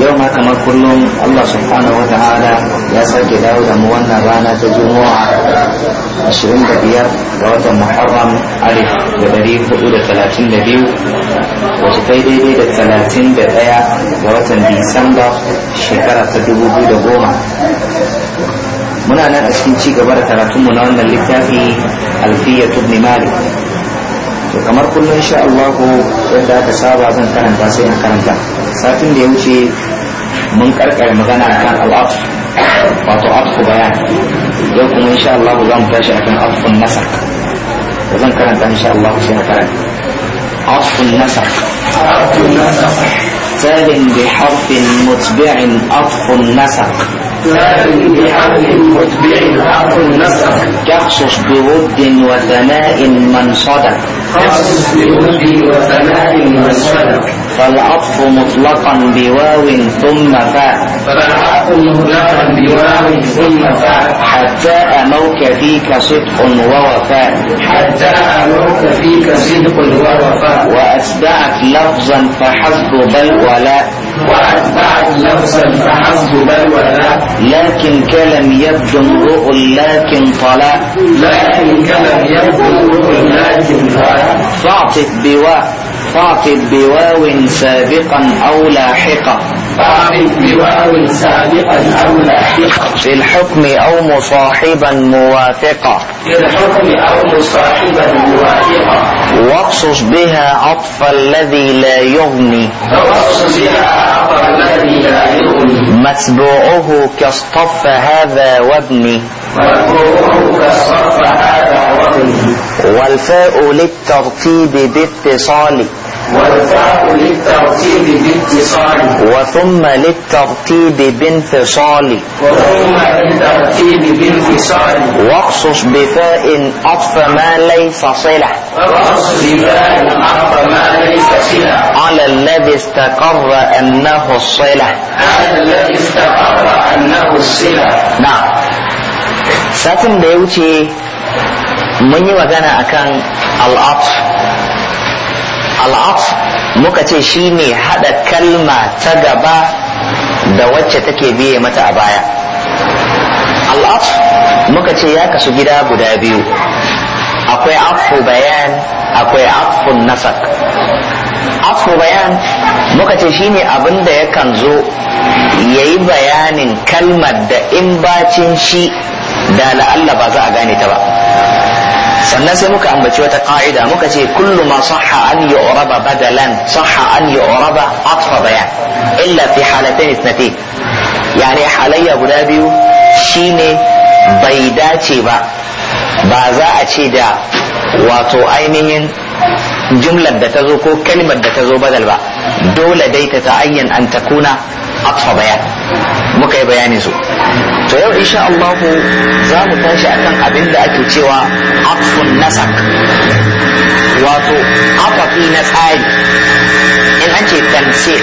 yau ma kamar kullum Allah subhanahu wa ta'ala ya sake dawo da mu wannan rana ta juma'a 25 ga watan muharram alif da dari hudu da talatin da biyu kai daidai da talatin da ga watan disamba shekara ta dubu biyu da goma muna nan a cikin ci gaba da karatunmu na wannan littafi alfiya tubni malik to kamar kullum insha Allah yadda aka saba zan karanta sai in karanta satin da ya wuce mun karkare magana kan al'af wato afku bayan yau kuma insha Allah za mu tashi akan afun nasa to zan karanta insha Allah sai na karanta afun nasa afun nasa sabin bi harfin mutbi'in afun nasa تاري بود وثناء من صدق تحشش بود وثناء من صدق فالعطف مطلقا بواو ثم فاء فالعطف مطلقا بواو ثم فاء حتى أموك فيك صدق ووفاء حتى أموك فيك صدق ووفاء وأتبعت لفظا فحسب بل ولا وأتبعت نفسا فحسب بل ولا لكن كلم يبدو امرؤ لكن طلا لكن كلم يبدو امرؤ لكن طلا فاعطف بوا فاعطف بواو سابقا أو لاحقا فاعطف بواو سابقا في الحكم أو مصاحبا موافقا في الحكم أو مصاحبا موافقا واقصص بها عطف الذي لا يغني واقصص بها عطف الذي لا يغني متبوعه كاصطف هذا وابني متبوعه كاصطف هذا وابني والفاء للترتيب باتصال وثم للترتيب بانفصال وثم للترتيب بانفصال واقصص بفاء أطف ما ليس صلة واقصص بفاء أطف ما ليس صلة على الذي استقر أنه الصلة على الذي استقر أنه الصلة نعم satin da من wuce أكان الأطف al'af muka ce shine hada kalma ta gaba da wacce take biye mata a baya al'af muka ce ya kasu gida guda biyu akwai afu bayan akwai afun nasak afu bayan muka ce shine abin da yakan zo ya yi bayanin kalmar da in bacin shi da la'alla ba za a gane ta ba sannan sai muka ambaci wata ka'ida muka ce kullu ma sahha an yu'raba badalan sahha an yu'raba atfa bayan illa fi halatayn ithnatayn yani halayya guda biyu shine bai dace ba ba za a ce da wato ainihin jumlar da ta zo ko kalmar da ta zo badal ba dole dai ta ta an takuna atfa bayan muka yi bayanin su to yau insha Allah za mu tashi akan abin da ake cewa aqsun nasak wato afafi na tsari in an ce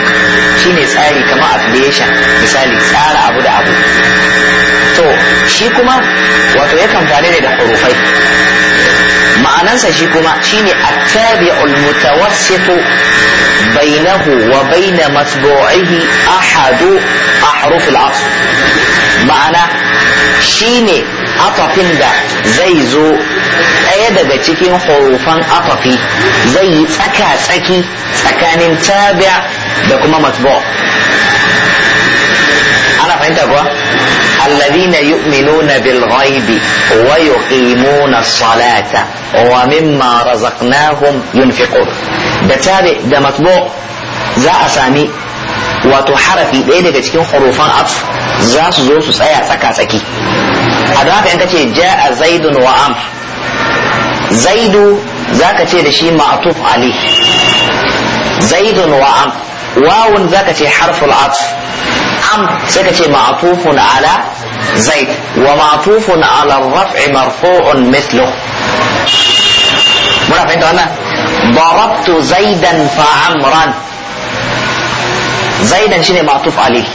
shine tsari kamar affiliation misali tsara abu da abu to shi kuma wato yakan fare da hurufai ma'anansa shi kuma shine attabi'ul mutawassitu bainahu wa baina matbu'ihi ahadu ahruf al-asl ma'ana shine afafin da zai zo ɗaya daga cikin hurufan afafi zai yi tsaka-tsaki tsakanin tabi'a da kuma matbu' ana fahimta kuwa الذين يؤمنون بالغيب ويقيمون الصلاة ومما رزقناهم ينفقون da tabe da matbu za a sami wato harafi ɗaya daga cikin hurufan atf za su zo su tsaya tsaka-tsaki a don haka in kace ja'a zaidun wa am zaidu za ka ce da shi ma'atuf ali zaidun wa am wawun za ka ce harful atf am sai ka ce ma'tufun ala zaid wa ma'tufun ala raf'i marfu'un mithlu muna fahimta wannan darabtu zaidan fa amran zaidan shine ma'tuf alayhi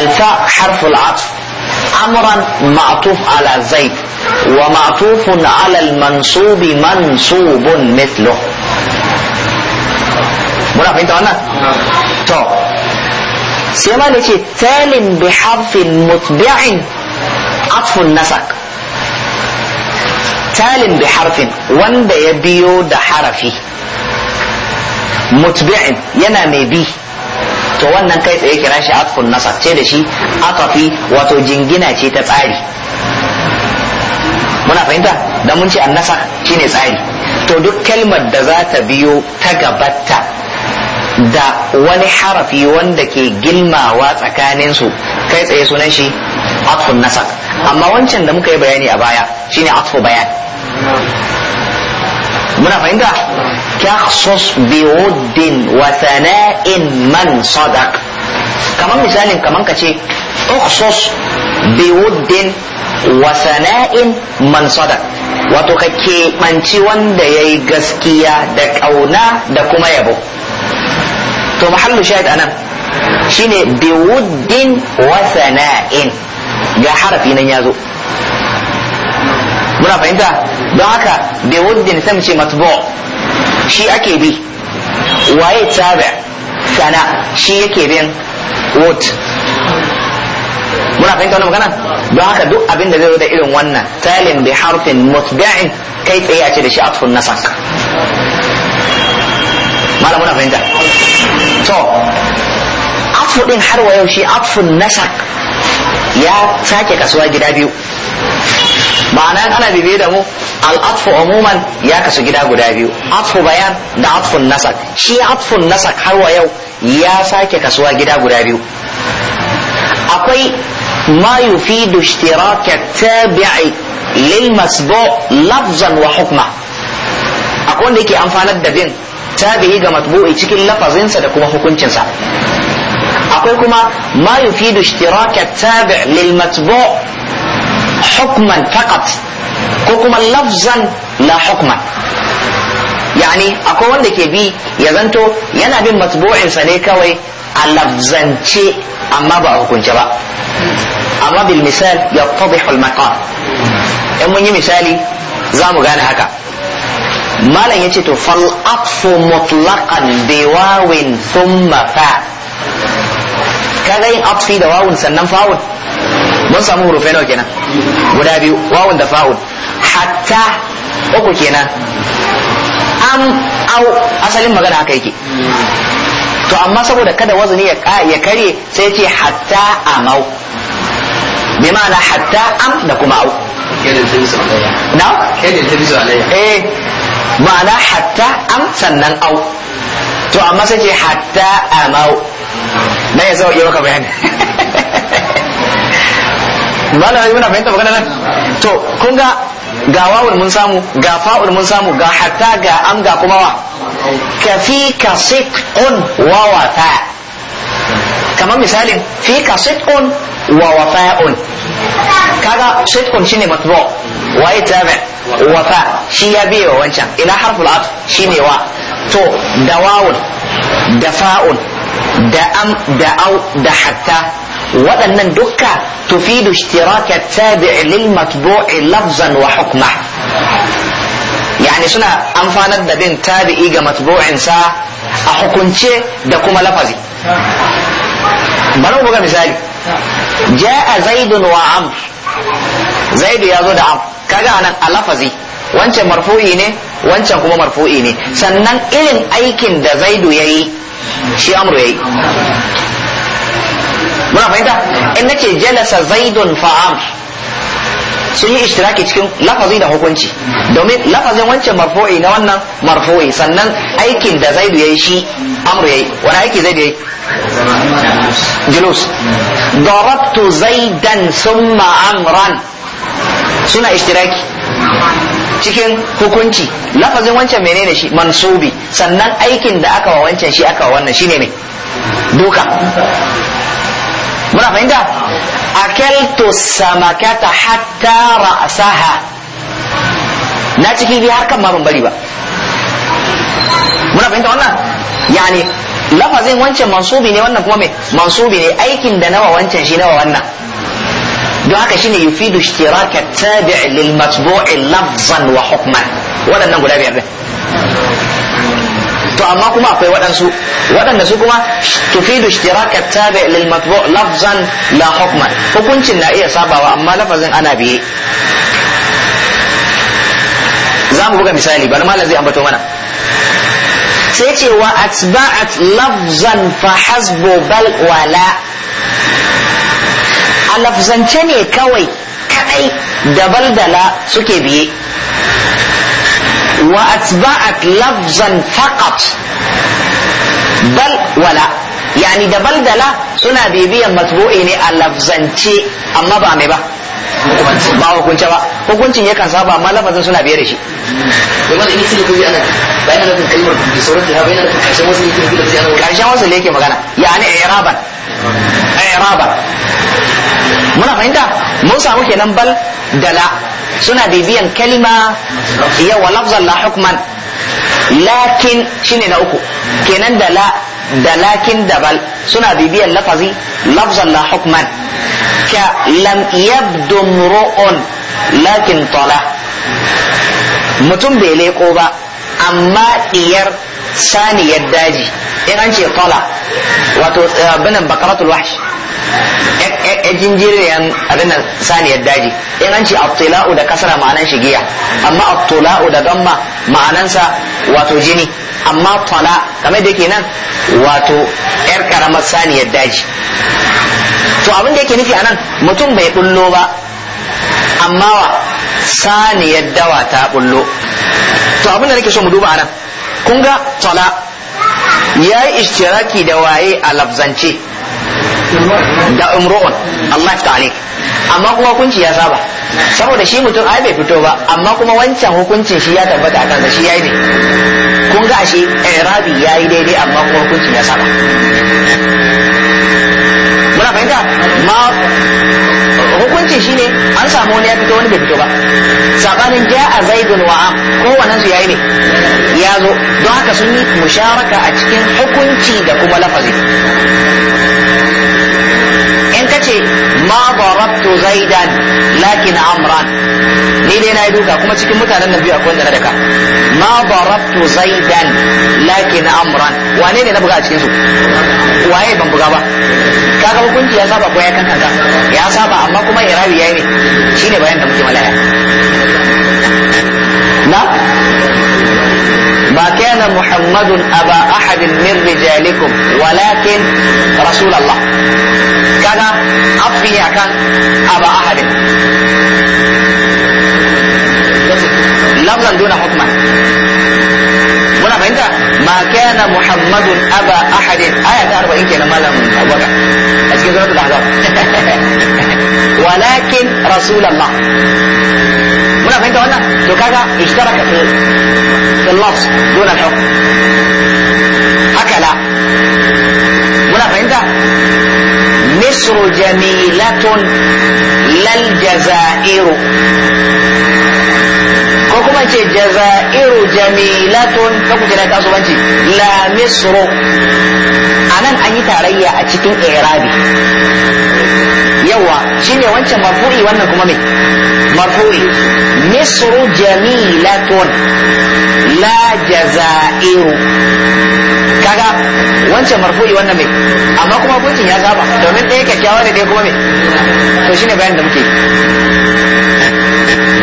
alfa harfu al'atf amran ma'tuf ala zaid ومعطوف على المنصوب منصوب مثله muna fahimta wannan to sai ma ce talin bi harfin mutbi'in atfun nasak talin bi harfin wanda ya biyo da harafi mutbi'in yana mai bi to wannan kai tsaye kira shi atfun nasak ce da shi atafi wato jingina ce ta tsari muna fahimta da mun ce annasa shine tsari to duk kalmar da za ta biyo ta gabata da wani harafi wanda ke gilmawa tsakaninsu kai tsaye sunan shi atfun nasak amma wancan da muka yi bayani a baya shine atfu bayan muna fahimta takhsus bi wuddin wa thana'in man sadaq kaman misalin kaman kace ukhsus bi wuddin wa sana'in man sadaq wato ka keɓanci wanda ya yi gaskiya da ƙauna da kuma yabo to mahallu shahid anan shine wuddin wa sana'in ga harafi nan yazo muna fahimta don haka wuddin sai mu ce matbu shi ake bi waye tabi sana shi yake bin wood muna fahimta wannan magana don haka duk abin da zai zo da irin wannan talin bi harfin mutba'in kai tsaye a ce da shi atfun nasak malam muna fahimta to atfu din har wa yau shi atfun nasak ya sake kasuwa gida biyu ma'ana ana bibiye da mu al'atfu umuman ya kasu gida guda biyu atfu bayan da atfun nasak shi atfun nasak har wa yau ya sake kasuwa gida guda biyu akwai ma yufidu ishtiraka tabi'i lil masbu lafzan wa hukma akwai wanda yake amfanar da bin tabi'i ga matbu'i cikin lafazinsa da kuma hukuncinsa akwai kuma ma yufidu ishtiraka tabi' lil matbu' hukman faqat ko kuma lafzan la hukman yani akwai wanda ke bi ya zanto yana bin matbu'insa ne kawai a lafzance amma ba a hukunce ba amma bil misal yattadihu al maqam in mun yi misali za mu gane haka malam ya ce to fal aqsu mutlaqan bi wawin thumma fa kaga yin atfi da wawun sannan fa'un mun samu hurufe nawa kenan guda biyu wawun da fa'un hatta uku kenan am au asalin magana haka yake to amma saboda kada wazani ya ya kare sai ce hatta amau bi ma'ana hatta am da kuma au na? Kedin ta bisu alayya. Eh, ma'ana hatta am sannan au to amma sai ce hatta amau na ya sauke maka bayani malama muna fahimta magana nan to kun ga ga wawul mun samu ga fa'ul mun samu ga hatta ga am ga kuma wa ka fi ka sit'un wa wafa kamar misalin fi ka sit'un wa wafa'un kaga shaitkun shine matbu waye tabi wafa shi ya biye wa wancan ina harful atf shine wa to da wawun da fa'un da am da au da hatta waɗannan dukka tufidu ishtiraka lil matbu'i lafzan wa hukma yani suna amfanar da bin tabi'i ga sa a hukunce da kuma lafazi bari mu buga misali ja'a zaidun wa amr zaidu ya zo da am kaga anan a lafazi wancan marfu'i ne wancan kuma marfu'i ne sannan irin aikin da zaidu ya yi shi amru ya yi muna fahimta in nake jalasa zaidun fa amr sun yi ishtiraki cikin lafazi da hukunci domin lafazin wancan marfu'i na wannan marfu'i sannan aikin da zaidu ya yi shi amru ya yi wani aiki zaidu ya yi جلوس ضربت zaidan summa amran suna ishtiraki cikin hukunci lafazin wancan menene shi mansubi sannan aikin da aka wa wancan shi aka wa wannan shine ne duka muna fahimta akaltu samakata hatta ra'saha na cikin bi har kan ma ban bari ba muna fahimta wannan yani lafazin wancan mansubi ne wannan kuma mai mansubi ne aikin da nawa wancan shi nawa wannan don haka shine yufidu ishtiraka tabi' lil matbu'i lafzan wa hukman waɗannan guda biyar ne to amma kuma akwai waɗansu waɗanda su kuma tufidu ishtiraka tabi' lil matbu' lafzan la hukman hukuncin na iya sabawa amma lafazin ana biye za mu buga misali bari malam zai ambato mana sai ce wa atba'at lafzan fa hasbu bal wala a lafzance ne kawai kadai da baldala suke biye wa atba'at lafzan faqat bal wala yani da baldala suna bibiyan matbu'i ne a lafzance amma ba mai ba ba hukunce ba hukuncin yakan saba amma lafazin suna biye da shi kuma da yake da ana bayan da kalmar da sauran da bayan da karshen wasu yake da ana karshen wasu ne yake magana yani i'raban i'raban muna fahimta mun samu kenan bal dala suna bibiyan kalma yawa lafzan la hukman lakin shine na uku kenan Dala. da lakin da bal suna bibiyar lafazi lafzan la hukman ka lam yabdu mru'un lakin tala mutum bai leko ba amma diyar saniyar daji in an ce tala wato eh, abinan bakaratul wahsh e, e, e, jinjiriyan abin saniyar daji in an ce abtula'u da kasara ma'anan shigiya amma abtula'u da gamma ma'anansa wato jini amma tala kamar da yake nan wato yar karamar saniyar daji to abin da yake nufi anan mutum bai bullo ba amma wa saniyar dawa ta bullo to abin da nake so mu duba anan kun ga tala ya yi ishtiraki da waye a lafzance da umru'un Allah ta amma kuma kunci ya saba saboda shi mutum ai bai fito ba amma kuma wancan hukuncin shi ya tabbata a da shi yayi ne kun ga shi irabi yayi daidai amma kuma hukuncin ya saba muna fahimta ma hukuncin shi ne an samu wani ya fito wani bai fito ba sabanin a zaidun wa'a kowannen su yayi ne ya zo don haka sun yi musharaka a cikin hukunci da kuma lafazi ma barabtu zaidan lakin amran ni dai na yi duka kuma cikin mutanen nan biyu akwai da daka ma barabtu zaidan lakin amran wane ne na buga a cikin su waye ban buga ba kaga hukunci ya saba ko ya kankanta ya saba amma kuma irabi yayi ne shine bayan da muke malaya ما كان محمد أبا أحد من رجالكم ولكن رسول الله كان أبي كان أبا أحد لفظا دون حكمة ولا ما كان محمد أبا أحد آية تعرف إنك لما لم أبقى أسكي ولكن رسول الله fahimta wannan to kaga ishtaraka fil fil lafz dun al hukm haka la muna fahimta مصر جميلة لا الجزائر ko kuma ce jaza'iru jamilatun ta kuce na kasuwanci la misro anan nan an yi tarayya a cikin irabi yawa shine wancan marfu'i wannan kuma me marfu'i misru jamilatun la jazairu kaga wancan marfu'i wannan me amma kuma hukuncin ya saba domin ɗaya kyakkyawa ne ɗaya kuma me to shine bayan da muke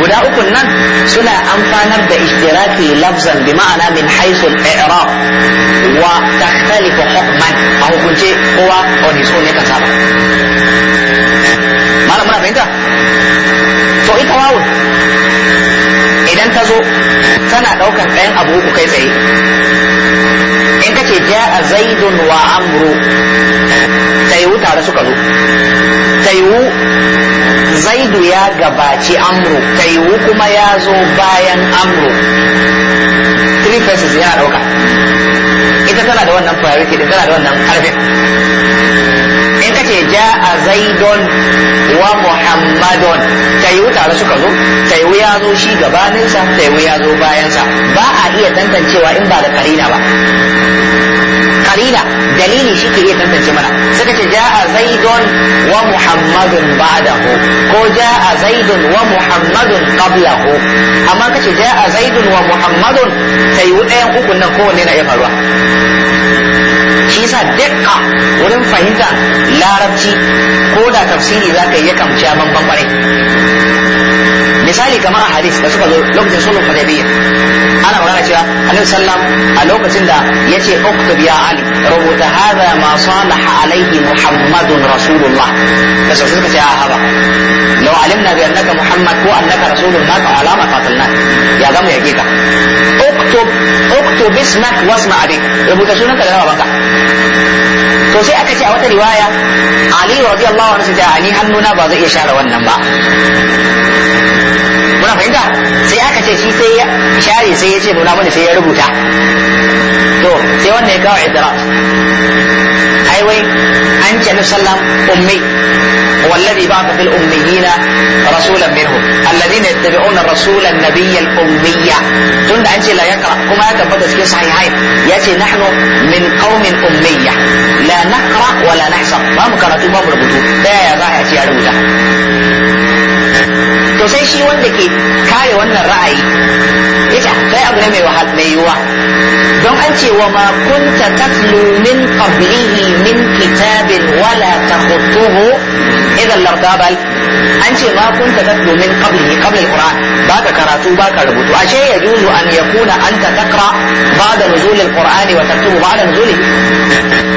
guda ukun nan suna amfanar da ishtiraki lafzan bi ma'ana min haisul i'rab wa takhtalifu hukman a hukunce kowa on his own ne kan saba muna fahimta to ita wawo idan ta zo tana ɗaukan ɗayan abu uku kai tsaye in ka ce ja'a zaidun wa amru ta yiwu tare suka zo ta yiwu zaidu ya gabaci amru ta yiwu kuma ya zo bayan amru three faces ya ɗauka ita tana da wannan priority tana da wannan ƙarfin ja'a zaidon wa muhammadun taiwu tare suka zo taiwu ya zo shi gabaninsa taiwu ya zo bayansa ba a iya tantancewa in ba da karina ba karina dalili shi ke iya tantance mana suka ce a zaidon wa muhammadun ba'dahu ko a zaidon wa muhammadun ko amma ka ja a zaidon wa muhammadun sai ɗayan uku nan kowanne na iya faruwa shi sa dukka wurin fahimta larabci ko da tafsiri za ka yi yakan ci a misali kamar a hadis da suka zo lokacin sulhun hudaybiyya ana magana cewa annabi sallam a lokacin da ya ce uktub ya ali rubuta hadha ma salaha alaihi muhammadun rasulullah da su suka ce a haba law alimna bi annaka muhammad ko annaka rasulullah fa alama qatalna ya zamu yake ka uktub uktub ismak wasma abik rubuta sunanka da babanka to sai aka ce a wata riwaya ali radiyallahu anhu sai ani hannuna ba zai iya share wannan ba kuna fahimta sai aka ce shi sai ya share sai ya ce nuna mana sai ya rubuta to sai wannan ya kawo ai wai an ce sallam ummi والذي بعث في الأميين رسولا منهم الذين يتبعون الرسول النبي الأمية تند أنت لا يقرأ كما يتبقى في صحيحين يأتي نحن من قوم أمية لا نقرأ ولا نحسب ما مكانتو ما مربوطو لا يا ظاهر يا رجل to sai shi wanda ke kare wannan ra'ayi yace sai abu ne mai wahal mai yiwa don an ce wa ma kunta tatlu min qablihi min kitabin wala takhutuhu idan lardabal an ce ma kunta tatlu min qablihi qabl alquran baka karatu baka rubutu ashe ya juzu an yakuna anta taqra ba'da nuzul alqurani wa taktubu ba'da nuzulihi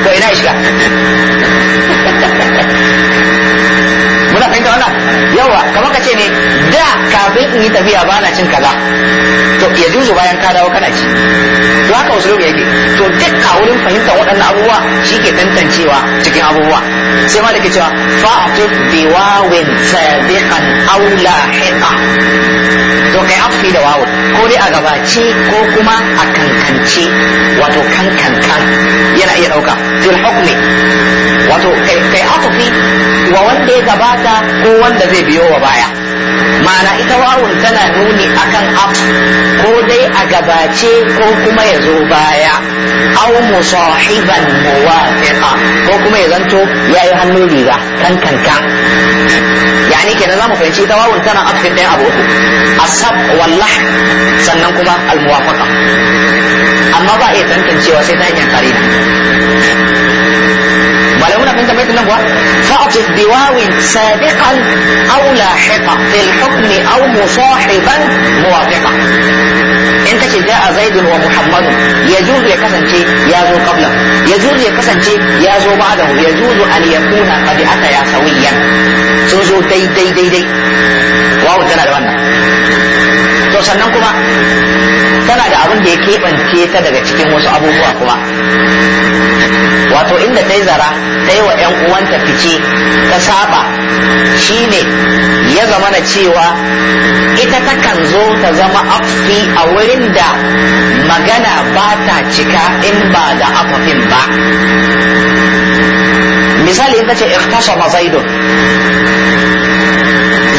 Ko ina shiga muna fahimta wannan yawa kamar ka ce ne da kafin in yi tafiya ba na cin kaza to ya juzu bayan ka dawo kana ci to haka lokaci yake to duk a wurin fahimtar waɗannan abubuwa shi ke tantancewa cikin abubuwa sai ma da ke cewa fa'atu biwawin sabiqan aula lahiqa to kai afi da wawu ko dai a gabace ko kuma a kankance wato kankankan yana iya ɗauka fil hukmi wato kai afi wa wanda ya gabata ko wanda zai biyo wa baya ma'ana ita wawun tana nuni akan abu ko dai a gabace ko kuma ya zo baya au musahiban muwafiqa ko kuma ya zanto ya yi hannu riga kan kanka yani kenan zamu fahimci ita wawun tana afin ɗayan abu uku asab wallah sannan kuma muwafaqa amma ba a tantancewa sai ta hanyar karina an tambaye ta nan kuwa fa'atif biwawin sabiqan aw lahiqa fil hukmi aw musahiban muwafiqa in kace ja'a zaidun muhammadu yajuz ya kasance ya zo qabla yajuz ya kasance ya zo ba'dahu an yakuna qad ataya sawiyan sun zo daidai daidai wawu tana da wannan to sannan kuma tana da abin da ya keɓance ta daga cikin wasu abubuwa kuma wato inda ta yi zara ta yi wa 'yan uwanta fice ta saba ne ya zama na cewa ita takan zo ta zama afi a wurin da magana ba ta cika in ba da afafin ba misali in ka ce ikhtasama zaidu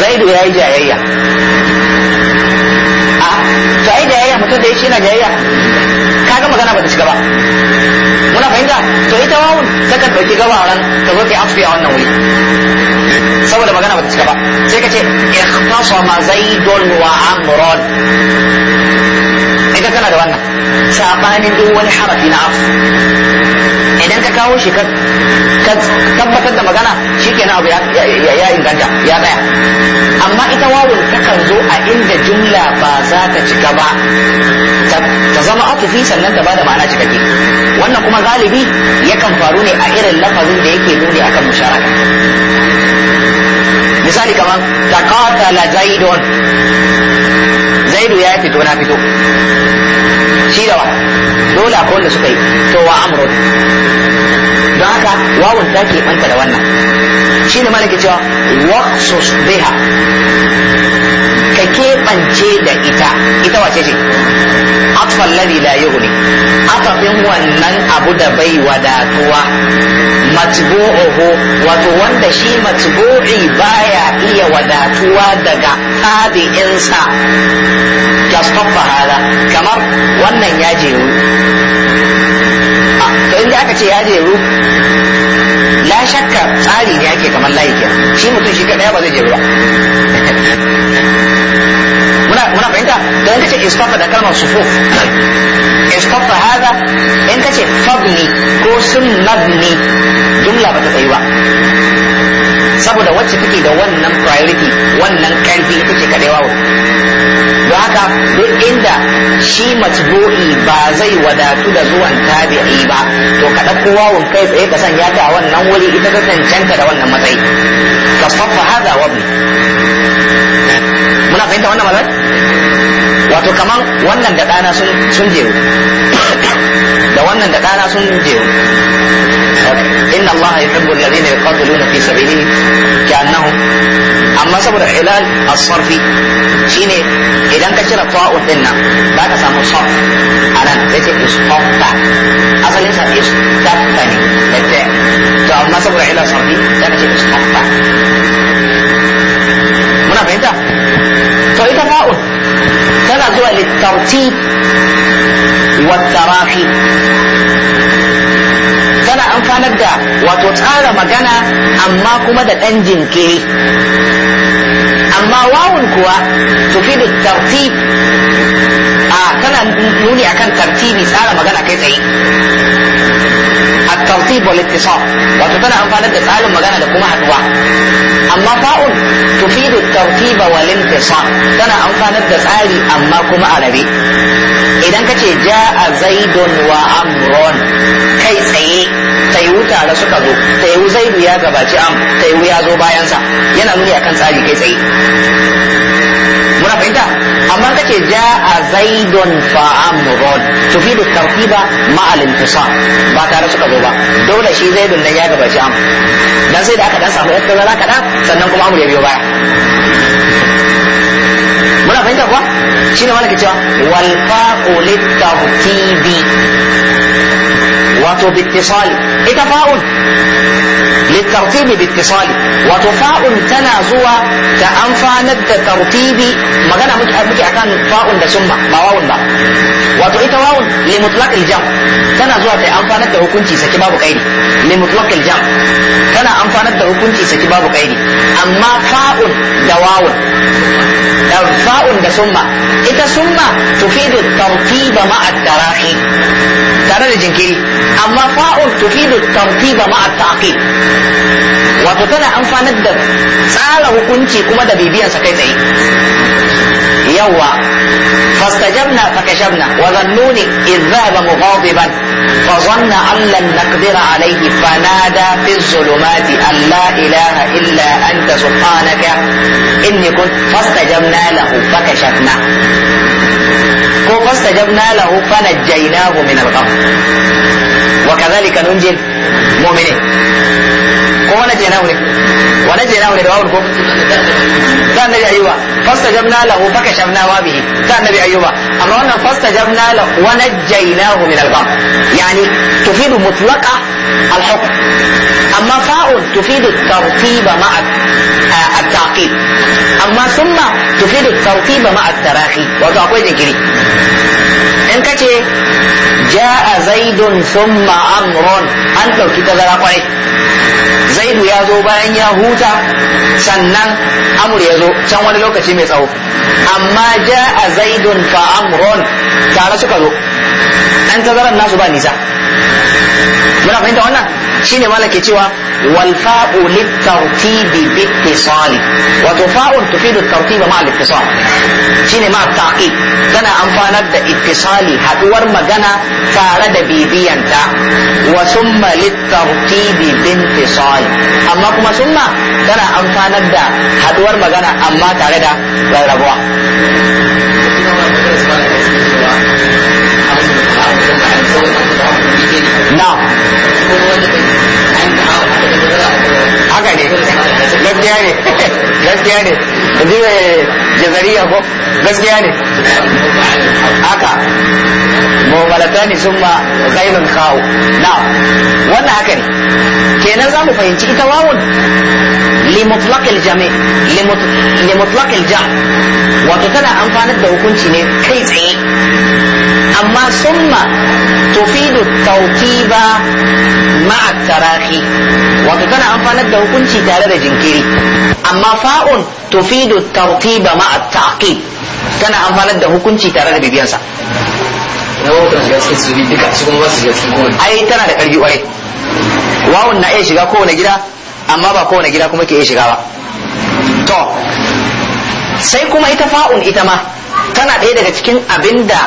zaidu ya yi jayayya a to ai jayayya mutum da ya ce na jayayya kaga magana ba ta cika ba ɗauki gabaran ka zo kai atfi a wannan wuri saboda magana ba ta cika ba sai ka ce ikhtasama zaidun wa amrun idan kana da wannan sabanin duk wani harafi na atfi idan ka kawo shi ka tabbatar da magana shi shikenan abu ya inganta ya tsaya amma ita wawun takan zo a inda jumla ba za ta cika ba ta zama atufi sannan ta ba da ma'ana cikakke wannan kuma galibi yakan faru ne a irin lafazin da yake nuni akan musharaka misali kamar la zaidon zaidu ya fito na fito shi da wa dole akwai wanda suka yi to wa amrun wawun ta ke manta da wannan shi ne mana ke cewa waqsus biha ka keɓance da ita ita wace ce atfal ladhi la yughni atafin wannan abu da bai wadatuwa matbu'uhu wato wanda shi matbu'i baya iya wadatuwa daga tabi'insa kasfafa hada kamar wannan ya jeru ah, to inda aka ce ya jeru la shakka tsari ne yake kamar layi ke shi mutum shi kadaya ba zai je ba muna muna fahimta don kace istafa da kalmar sufu istafa haza in kace fadni ko sunnabni jumla ba ta tsayi ba saboda wacce take da wannan priority wannan karfi ita ce kaɗai wawo don haka duk inda shi matbu'i ba zai wadatu da zuwan tabi'i ba to ka dauko wawon kai tsaye ka sanya ta a wannan wuri ita ta tantance da wannan matsayi ka saffa wa bi muna fahimta wannan magana wato kaman wannan da ɗana sun jeru da wannan da kana sun je inna allaha yuhibbu alladhina yuqatiluna fi sabilihi ka'annahum amma saboda hilal as-sarfi shine idan ka kira fa'u dinna ba ka samu sarf anan sai ce istafta asalin sa istafta ne da ta to amma saboda ilal sarfi da ka kira istafta muna fahimta to ita fa'u tana zuwa littartib والتراخي tana amfanar da wato tsara magana amma kuma da ɗan jinkiri amma wawun kuwa tufi da tartib tana nuni akan tartibi tsara magana kai tsaye الترتيب والاتصال وتتنى أنفانات تتعلم مجانا لكم حدوى أما فاء تفيد الترتيب والانتصال تنى أنفانات تتعلم أما كما عربي idan ka ce a zaidun wa amron kai tsaye tsayu tare suka zo tsayu zaidu ya gabaci am tsayu ya zo bayansa yana nuni akan tsari kai tsaye muna fahimta amma ka ce a zaidun fa amron da tartiba ma'alin tusa ba tare suka zo ba dole shi zaidun nan ya gabaci am dan sai da aka dan samu yadda zara kaɗan sannan kuma amur ya biyo baya ana fahimta kuwa shine malaka cewa wal fa'u litawkidi wato bittisal ita fa'un littartibi bittisal wato fa'un tana zuwa ta amfanar da tartibi magana muke muke akan fa'un da summa ba wawun ba wato ita li mutlaqil jam tana zuwa ta amfanar da hukunci saki babu kaidi li mutlaqil jam tana amfanar da hukunci saki babu kaidi amma fa'un da wawun da fa'un da summa ita summa tufidu tartiba ma'a tarahi tare da jinkiri amma fa'un tufidu tartiba ma'a ta'qib wato tana amfanar da tsara hukunci kuma da bibiyansa kai tsaye تجوع فاستجبنا فكشفنا وظنوني إذ ذهب مغاضبا فظن أن لن نقدر عليه فنادى في الظلمات أن لا إله إلا أنت سبحانك إني كنت فاستجبنا له فكشفنا فاستجبنا له فنجيناه من الغم وكذلك ننجي المؤمنين ko wani jenahu ne wani jenahu ne da wawun ko ta annabi ayyuba fastajabna lahu fakashafna wa bihi ta annabi ayyuba amma wannan fastajabna lahu wa najjaynahu min al-bahr yani tufidu mutlaqa al-hukm amma fa'un tufidu tartiba ma'a at-taqib amma summa tufidu tartiba ma'a at-tarahi wato akwai jinkiri idan ka ce ja'a zaidun thumma amrun an ɗauki tazara kwai zaidu ya zo bayan ya huta sannan amur ya zo can wani lokaci mai tsawo amma ja'a zaidun fa amrun tare suka zo ɗan tazaran nasu ba nisa muna fahimta wannan shine malam ke cewa wal fa'u bi ittisali wato fa'un tufidu tartiba ma al-ittisal ne ma taqiq tana amfanar da ittisali haduwar magana tare da bibiyanta wa summa litartibi bi ittisali amma kuma summa tana amfanar da haduwar magana amma tare da rarrabuwa ku fahimci ita wawun limutlaqil jami limutlaqil ja wato tana amfanar da hukunci ne kai tsaye amma summa tufidu tautiba ma'a tarahi wato tana amfanar da hukunci tare da jinkiri amma fa'un tufidu tautiba ma'a taqib tana amfanar da hukunci tare da bibiyansa gaske gaske duka cikin ai tana da karfi kwarai wawun na iya shiga kowane gida amma ba kowane gida kuma ke iya shiga ba to sai kuma ita fa'un ita ma tana ɗaya daga cikin abin da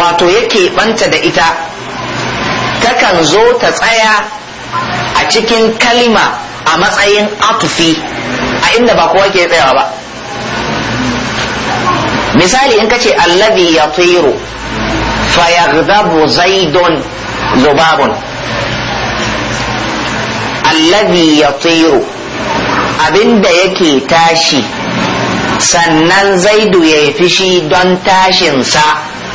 wato yake ɓanta da ita takan zo ta tsaya a cikin kalima a matsayin atufi a inda ba kowa ke tsayawa ba misali in ka ce allabi ya tsiro fayagdabu zaidon zubabun ya yatiru abinda yake tashi sannan zaidu ya yi fishi don tashinsa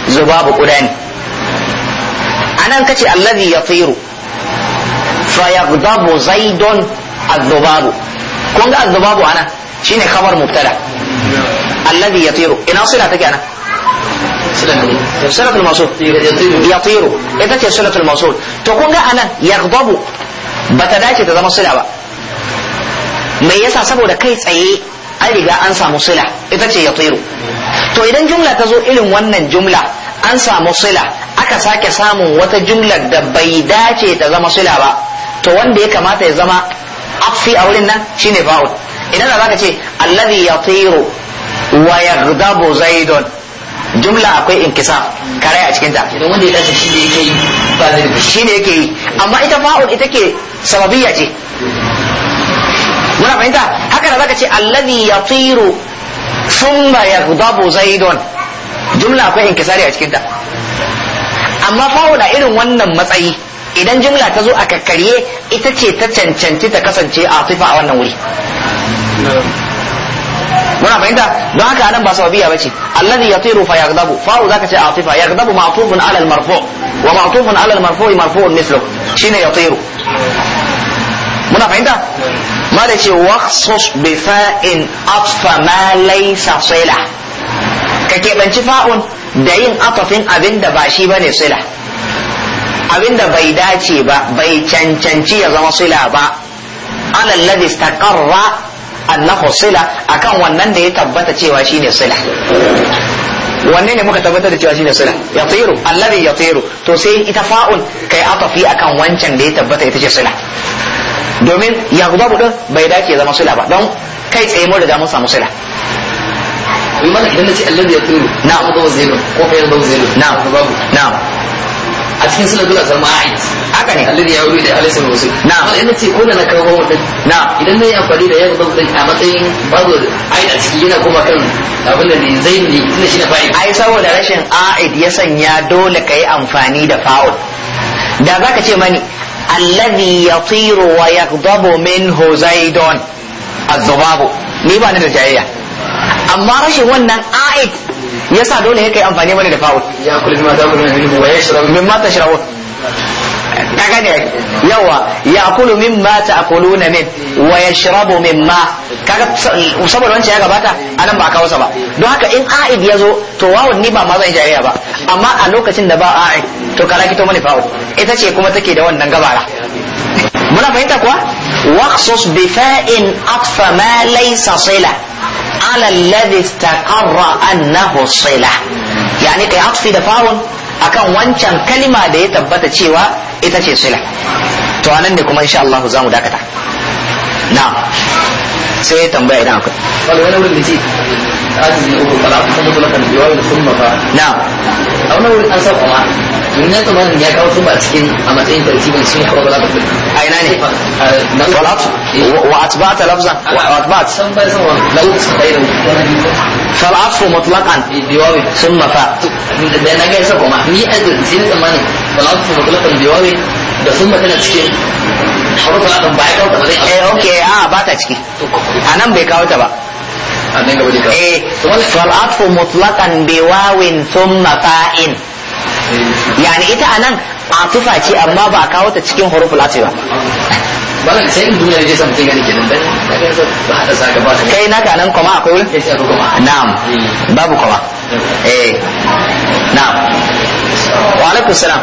zubabu kuda ne a nan kace allazi ya tsiru fayagdabu zaidun azubabu kun ga azubabu ana ne kamar mubtada allazi ya tsiru ina suna take ana sulatul masul ya tsiru ita ce sulatul masul to kun ga anan yagdabu ba ta dace ta zama sula ba mai yasa saboda kai tsaye an riga an samu sula ita ce ya tsiro to idan jumla ta zo irin wannan jumla an samu sula aka sake samun wata jumla da bai dace ta zama sula ba to wanda ya kamata ya zama afi a wurin nan shine fa'ul idan da zaka ce ya tsiro wa yaghdabu zaidun jumla akwai inkisa Karai a cikinta idan wanda ya dace shi ne yake yi ba zai yake yi amma ita fa'ul ita ke sababiyya ce muna fahimta haka da zaka ce allazi yatiru thumma yaghdabu zaidun jumla akwai inkisari a cikin ta amma wala irin wannan matsayi idan jumla ta zo a kakkarye ita ce ta cancanci ta kasance a tufa a wannan wuri muna fahimta don haka anan ba sababiyya bace allazi yatiru fa yaghdabu fa'u zaka ce a tufa yaghdabu ma'tufun ala al-marfu wa ma'tufun ala al-marfu marfu'un mithlu shine yatiru muna fahimta mala ce waqsus bi fa'in atfa ma laysa sila ka keɓanci fa'un da yin atafin abin da ba shi bane sila abin da bai dace ba bai cancanci ya zama sila ba ala alladhi istaqarra annahu sila akan wannan da ya tabbata cewa shine sila wanne ne muka tabbatar da cewa shine sila ya tsiru allazi ya tsiru to sai ita fa'un kai atafi akan wancan da ya tabbata ita ce sila domin yakubabu din bai dace zama sula ba don kai tsaye mu riga mun samu sula imana idan na ce allah da ya turu na abu gawa zero ko kai gawa zai na abu babu na a cikin suna dole zama a'id haka ne allah ya wuri da alisa mai wasu na idan ko da na kawo mutum na idan na yi amfani da yaga babu a matsayin babu a'id a ciki yana koma kan abin da ne zai ne tunda shi na fa'id ai saboda rashin a'id ya sanya dole ka yi amfani da fa'ul da za ka ce mani allazi yatiru wa yaghdabu minhu zaidun az-zubabu ni ba ni da jayayya amma rashin wannan a'id yasa dole ya kai amfani mana da fa'ul ya kulli ma ta kulli min wa yashrabu min ma tashrabun ka gane yawa ya'kulu mimma ta'kuluna min wa yashrabu mimma kaga saboda wancan ya gabata anan ba kawo sa ba don haka in a'id ya zo to wawun ni ba ma zan jariya ba amma a lokacin da ba a'id to kara kito mani fa'u ita ce kuma take da wannan gabara muna fahimta kuwa waqsus bi fa'in atfa ma laysa sila ala alladhi istaqarra annahu sila yani kai atfi da fa'un akan wancan kalima da ya tabbata cewa ita ce sila to anan ne kuma insha Allah za mu dakata na sai ya tambaya idan akwai wani wurin da azumi uku fara kuma kuma kan biyo da sun mafa na a wannan wurin an sa kuma na tsammanin ya kawo sun ba cikin a matsayin tartibin sun kawo bala a ina ne walatu wa atba'ata lafza wa atba'at san bai san wa lau sun bai da فالعطف مطلقا بواو ثم فاء ده انا جاي سبب ما مي ادر زين زمان فالعطف مطلقا بواو ده ثم تana cikin حروف ba eh okay a ba ta ciki anan bai kawo ta ba eh wal atfu mutlaqan bi wawin thumma fa'in eh. yani ita anan atufa ce amma ba a kawo ta cikin huruful atfi ba malam sai in duniya je samu gani kenan dan ba hada saka ba kai naka nan kuma akwai na'am eh. babu kuma eh. eh na'am wa alaikum salam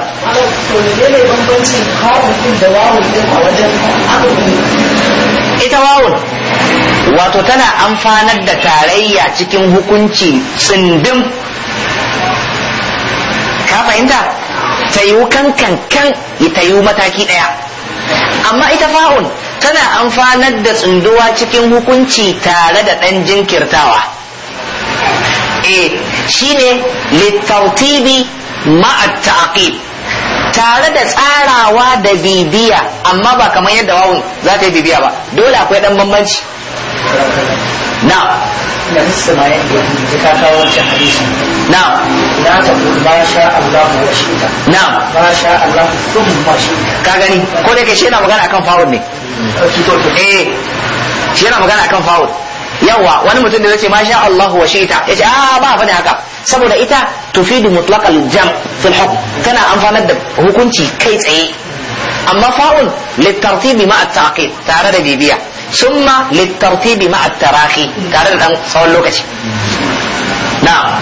ita wawun wato tana amfanar da tarayya cikin hukunci tsindin ka fahimta ta yi kan kan ta yi mataki daya amma ita fa'un tana amfanar da tsinduwa cikin hukunci tare da ɗan jinkirtawa e shi ne littautibi ma'at tare da tsarawa da bibiya amma ba kamar yadda wawun za ta yi bibiya ba dole akwai ɗan bambanci na da musulma ya ka kawo wancan hadisi na na ta sha Allah wa shi na sha Allah sun shi ka gani ko da ke shi yana magana akan Fa'ul ne eh shi yana magana akan fawul yawa wani mutum da ya ce ma sha Allah wa shaita ce ah, a ba ne haka saboda ita tufidu mutlaqal jam fil hukm tana amfanar da hukunci kai tsaye amma fa'ul litartibi ma at tare da bibiya summa littartibi ma tarahi tare da dan tsawon lokaci na'am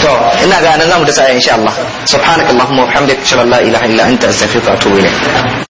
to ina ga nan zamu da sa'a insha Allah subhanakallahumma wa bihamdika ashhadu la ilaha illa anta astaghfiruka wa atubu ilayk